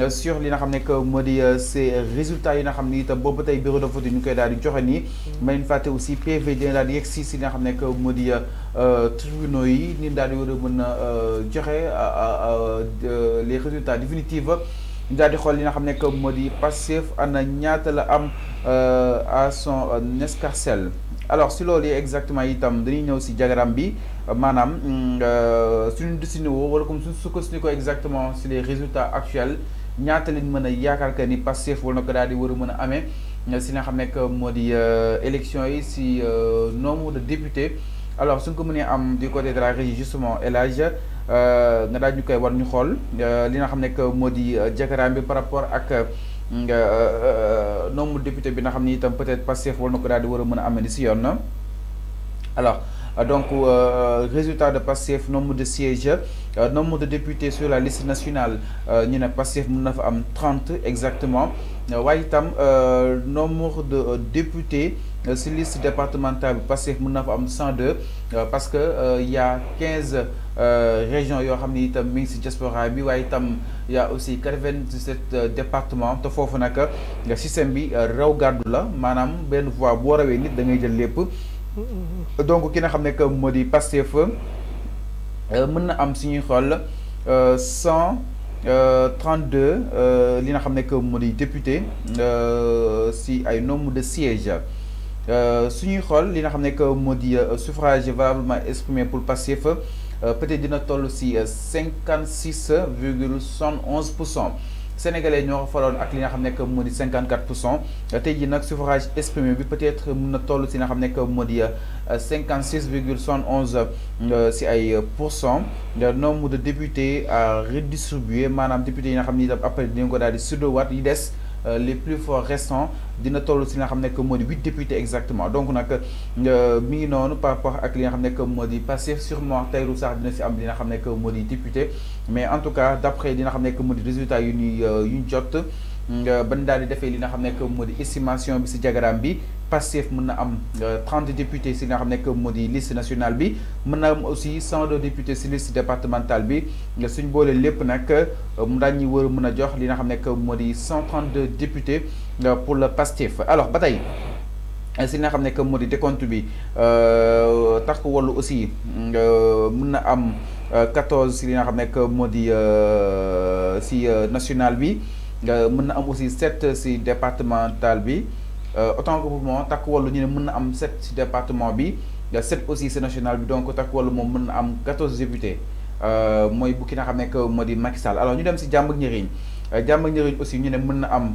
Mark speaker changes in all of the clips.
Speaker 1: Euh, sur li nga xam ne moo di euh, résultats yi nga xam ne itam boobu bureau de vote yi ñu koy daal di joxe nii. Mm. may ñu fàtte aussi PV dina daal di yegg si nga xamné ne modi euh, euh tribunaux yi ni daal di war a mën les résultats définitifs ñu daal di xool li nga xamné ne modi di passif ana ñaata la am euh à son escarcelle. alors si lolé exactement itam dañuy ñëw ci diagramme bi manam mm, euh suñu dessiné woo wala comme suñu sukkandiku exactement sur les résultats actuels ñaata lañ mën a que ni Pastef wala na ko daal di war a mën si nga xam nekk moo euh, élection yi si euh, nombre de députés alors su ñu ko mënee am du côté de la régie justement élage euh, nga daal ñu koy war ñu xol li nga xam nekk moo di bi par rapport ak nombre de députés bi nga xamni itam peut-être Pastef wala na ko daal di war a mën a yoon alors euh, donc euh, résultat de Passif, nombre de sièges euh, nombre de députés sur la liste nationale nous exactement nombre de députés sur liste départementale parce que y a 15 régions qui ont été diaspora y a aussi départements système bi raw la voix donc qui n'a pas ne que moo di Pastef euh, na am suñuy xool euh, cent euh, trente deux li nga xam que député si ay nombre de sièges suñuy xool li nga xam ne que suffrage valablement exprimé pour Pastef peut-être dina toll si cinquante sénégalais ñoo faloon ak li nga xamné que modi 54 tay ji nak suffrage exprimé bi peut-être mëna tollu ci nga xamné que modi 56,71 ci ay pourcent le nombre de députés à redistribuer manam député yi nga xamni ne itam après dinañ ko daal di wat yi dess euh, les plus forts récents dina tollu ci nga xamné que modi 8 huit députés exactement donc nak euh, mi ngi noonu par rapport ak li nga xamné que modi di Pastef sûrement Tahirou Sarr dina ci am li nga xam nekk moo député mais en tout cas d'après dina xamné que modi résultat yu ñuy euh, yu jot ban daal di defee li nga xamné que modi estimation bi ci diagramme bi passif il am 30 euh, députés si la liste nationale Il y a aussi 102 députés la liste départementale bi y le que a jox 132 députés euh, pour le passif alors bataille tey euh, si nga aussi mën am 14 si li nga xam si am aussi 7 si départementale bi. Euh, autant que pour moi takk wàllu ñu ne mën na am sept si département bi euh, sept aussi si national bi donc takk wàllu moom mën na am quatorze députés euh, mooy bu ki nga xam ne que moo di Macky Sall alors ñu dem si jàmm ak njëriñ jàmm ak njëriñ aussi ñu ne mën na am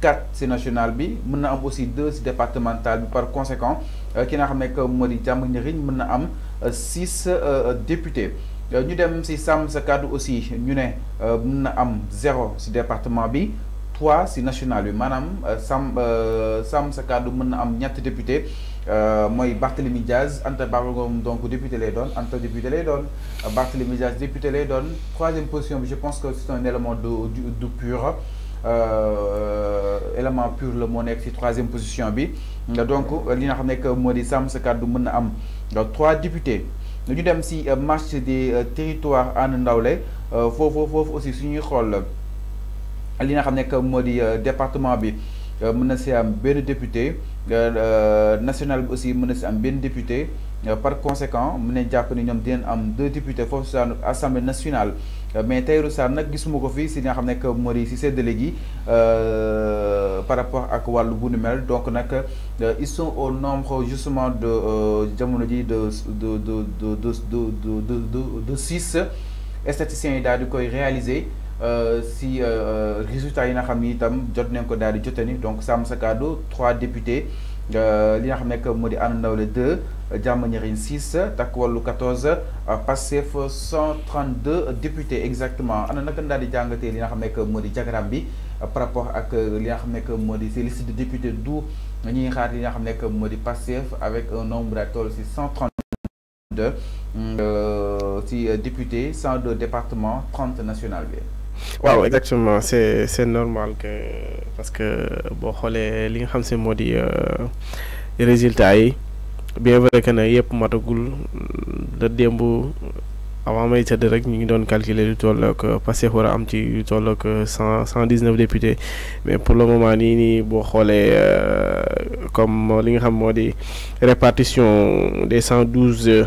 Speaker 1: quatre national bi mën na am aussi deux si par conséquent ki xam ne que moo di jàmm njëriñ mën na am six députés ñu dem si sàmm sa kàddu aussi ñu ne mun na am zéro si département bi toi si national madame euh, Sam euh, Sam sa kàddu mën am ñetti député euh, moy Barthélémy Diaz Anta Babacar donc député lay donne entre député lay doon Barthélémy Diaz député lay donne troisième position bi je pense que c'est un élément de du pur élément pur le moo troisième position bi donc li nga xam nekk Sam sa kàddu mën am trois députés ñu dem si marche des territoires ànd ndawlé foofu foofu aussi suñuy xool li euh, département bi national aussi par conséquent nous avons deux députés foofu nationale mais que par rapport à wàllu bu mel donc euh, ils sont au nombre justement de euh, jamono ji de euh, si euh, euh, résultat yi nga tam jot nañ ko daal jotani donc Sàmm Sa Kàddu trois députés li nga xam nekk moo 2 Jàmm 6 Takku Wallu 14 Pastef 132 députés exactement ana naka daal di jangate li nga xam nekk moo bi par rapport ak li nga xam nekk moo di de députés dou ñi xaar li nga xam nekk avec un nombre à toll si 132 si députés 102 départements 30 nationales ouais,
Speaker 2: exactement c'est c'est normal que parce que bon xolé li nga xam si moo euh, résultats yi bien vrai que ne yëpp matagul da démb avant may tëdd rek ñu ngi doon calculer lu toll ak passé war am ci lu toll ak 119 députés mais pour le moment ni ni boo xoolee euh, comme li nga xam moo répartition des 112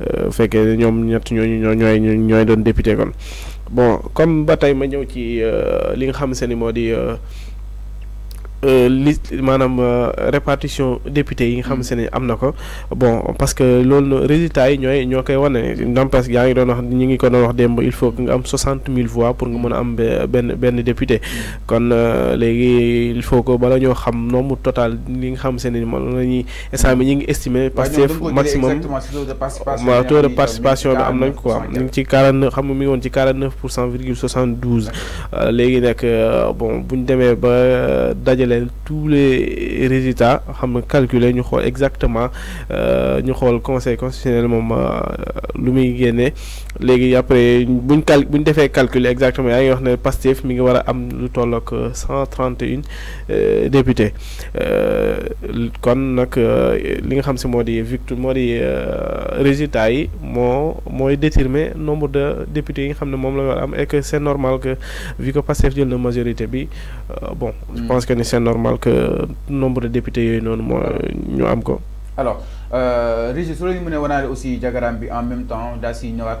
Speaker 2: bu fekkee ñoom ñett ñooñu ñoo ñooy ñooy doon député kon bon comme ba tey ma ñëw ci euh, li nga xam se ni moo di. Euh, Euh, liste maanaam euh, répartition député yi nga xam mm. se ne am na ko bon parce que loolu résultat yi ñooy ñoo koy wane ndam parce que yaa ngi doon wax ñi ngi ko doon wax démb il faut nga am soixante mille voix pour nga mën a am benn benn député mm. kon euh, léegi il faut que bala ñoo xam nombre total li nga xam se ne moom la ñuy instant bi ngi estimé Pastef maximum waaw taux de participation bi am nañ quoi ñu ci quarante xam nga mi ngi woon ci quarante neuf pour virgule soixante léegi nag bon buñ ñu demee ba daje dajale tous les résultats xam nga calculer ñu xool exactement euh, ñu xool conseil constitutionnel moom euh, lu muy génnee léegi après buñ cal buñ ñu defee exactement yaa ngi wax ne Pastef mi ngi war a am lu tollook 131 euh, trente et un euh, euh, kon nag li nga xam si moo di victoire moo di résultat yi moo mooy déterminer nombre de députés yi nga xam ne moom la war am et que c' normal que vu que Pastef jël na majorité bi bon je mm. pense que c'est normal que nombre de députés yooyu noonu moo ñu am ko
Speaker 1: alors Régis su la mën wanaale aussi jagaraam bi en même temps daa si ñëwaat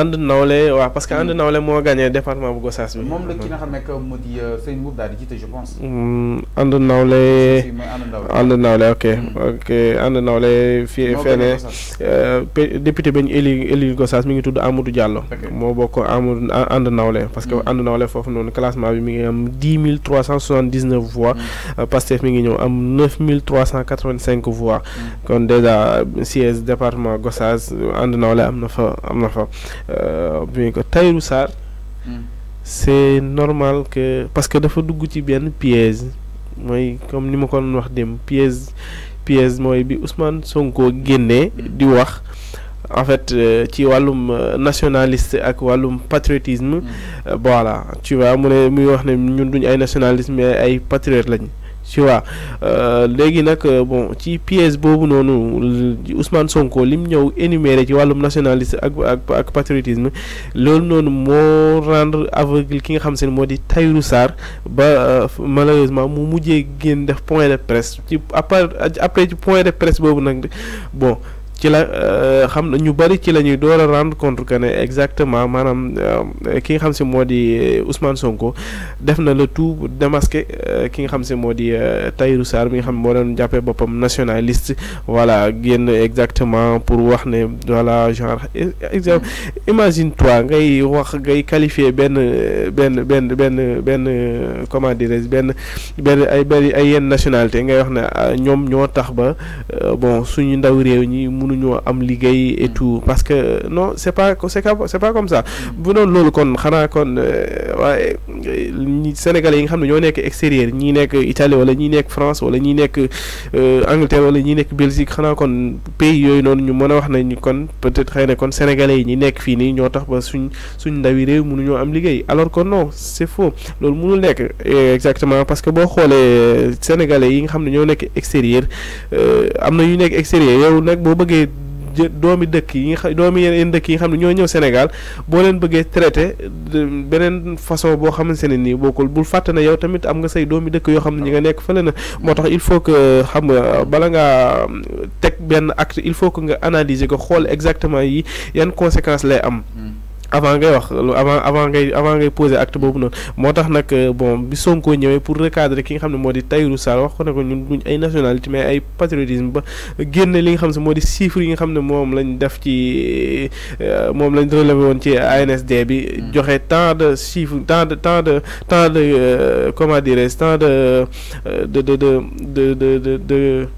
Speaker 2: ànd nawle wa parce que ànd mm. nawle moi gagné département bu Gossas bi. moom la ki nga
Speaker 1: xam ne moo di euh, Seydou di je pense. Mm,
Speaker 2: ànd nawle. ànd nawle ok. Mm. ok ànd nawle fi feneen. Euh, député bañ éli éli Gossas mi ngi tudd Amadou Diallo. Moi beaucoup Amadou ànd nawle parce que ànd nawle foofu noonu classement bi mi ngi am dix mille voix. Euh, Pastef mi ngi ñëw am neuf mille voix. kon déjà siège département Gossas ànd nawle am na fa am na fa. Euh, bien que Tahirou Sarr hmm. c'est normal que parce que dafa dugg ci benn piège mooy comme ni ma ko doon wax dem piège piège mooy bi Ousmane Sonko génnee di wax en fait euh, ci wàllum euh, nationaliste ak wàllum patriotisme hmm. voilà tu vois mu ne muy wax ne ñun duñ ay nationaliste mais ay patriote lañ tu vois euh, léegi nag euh, bon ci pièce boobu noonu Ousmane Sonko lim ñëw énuméré ci wàllum nationaliste ak ak ak patriotisme loolu noonu moo rendre aveugle ki nga xam se moo di Tahirou Sarr ba euh, malheureusement mu mujjee génn def point de presse ci après après ci point de presse boobu nag bon. ci la euh, xam na ñu bëri ci la ñuy door a rendre compte que ne exactement maanaam euh, ki nga xam si moo di euh, Ousmane Sonko def na le tout pour démasquer ki nga xam si moo di Tahirou Sarr bi nga xam ne moo doon jàppee boppam nationaliste voilà génn exactement pour wax ne voilà genre exemple imagine toi ngay wax ngay qualifier benn benn benn benn benn comment dirais-je benn ay benn ay yenn nationalité ngay wax ne ah, ñoom ñoo tax ba suñu ndaw réew am liggéey et tout mm. parce que non c'est pas c'est pas comme ça mm. bu doon kon xanaa kon euh, sénégalais yi nga ñoo extérieur Italie wala France wala ñii euh, Angleterre wala Belgique xanaa kon pays yooyu noonu ñu a wax nañu kon peut-être xëy kon sénégalais yi ñi ñoo tax ba suñ suñ am alors que non c'est faux euh, exactement parce que boo xoolee sénégalais yi nga xam ñoo extérieur am extérieur yow bëggee doomi dëkk yi nga xam doomi yeneen dëkk yi xam ne ñoo ñëw Sénégal boo leen bëggee traité beneen façon boo xamante ne nii bokkul bul fàtte ne yow tamit am nga say doomi dëkk yoo xam ne ñu nga nekk fële na moo tax il faut que xam nga bala ngaa mm, teg benn acte il faut que nga analyser ko xool exactement yi yan conséquence lay am. Hmm. avant ngay wax avant avant ngay avant ngay poser acte boobu noonu moo tax nag euh, bon bi Sonko ñëwee pour recadrer ki nga xam ne moo di Tahirou Sarr wax ko ne ko ñun ay nationalité mais ay patriotisme ba génne li nga xam ne moo di chiffres yi nga xam ne moom lañu def ci euh, moom lañ relevé woon ci ANSD bi mm. joxe temps de chiffres temps de tant de tant de euh, comment dirais tant de de de de de de de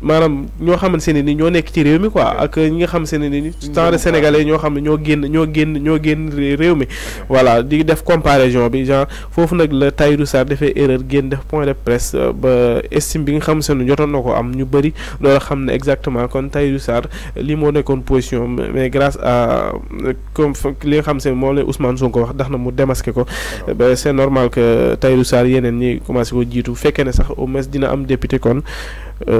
Speaker 2: maanaam ñoo xamante ne ni ñoo nekk ci réew mi quoi ak ñi nga xamante ne ni tant de ñoo xam ne ñoo génn ñoo génn ñoo génn réew mi voilà di def comparaison bi genre foofu nag la Tahirou Sarr defee erreur génn def point de presse euh, ba estime bi nga xam se ne jotoon na ko am ñu bëri loolu xam ne exactement kon Tahirou Sarr euh, li moo nekkoon position mais grâce à euh, comme li nga xam se moo moom la Ousmane ko wax tax na mu démasqué ko ba c'est normal que Tahirou Sarr yeneen ñi commencé ko jiitu fekkee ne sax au moins dina am député kon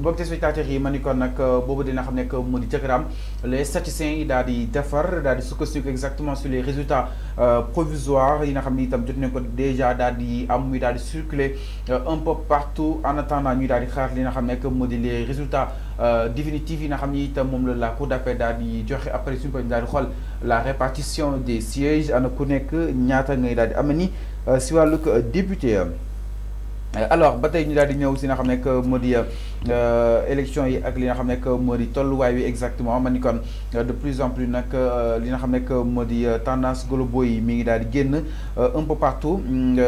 Speaker 1: mbokk téléspectateurs yi ma ni kon nak euh, bobu dina xamné que modi di les statisticiens yi daal di defar daal di sukkandiku exactement sur les résultats euh, provisoires yi nga xam itam jot ko déjà daal di am muy daal di circuler euh, un peu partout en attendant ñuy daal di xaar li nga que modi les résultats définitifs yi nga xam ne itam la la cour d'appel daal di joxe après suñu problème daal di la répartition des sièges ana ku nek ñaata ngay daal di am ni si wàllug député alors batay ñu daal di ñëw si nga que modi euh, élection yi ak li nga xamné nekk modi exactement ma kon euh, de plus en plus nak euh, li nga xamné nekk modi tendance globaux yi mi ngi dal di un peu partout mm,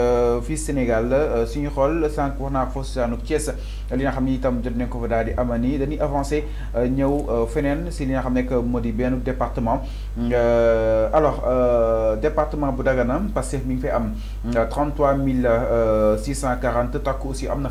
Speaker 1: fils Sénégal suñu xol sànq wax naa fosaanu Thiès li nga xamni ni itam jot nañ ko fa daal di amani dañuy avancer ñew fenen si li nga xamné nekk modi di département alors département bu parce que mi ngi fay am 33640 takku aussi am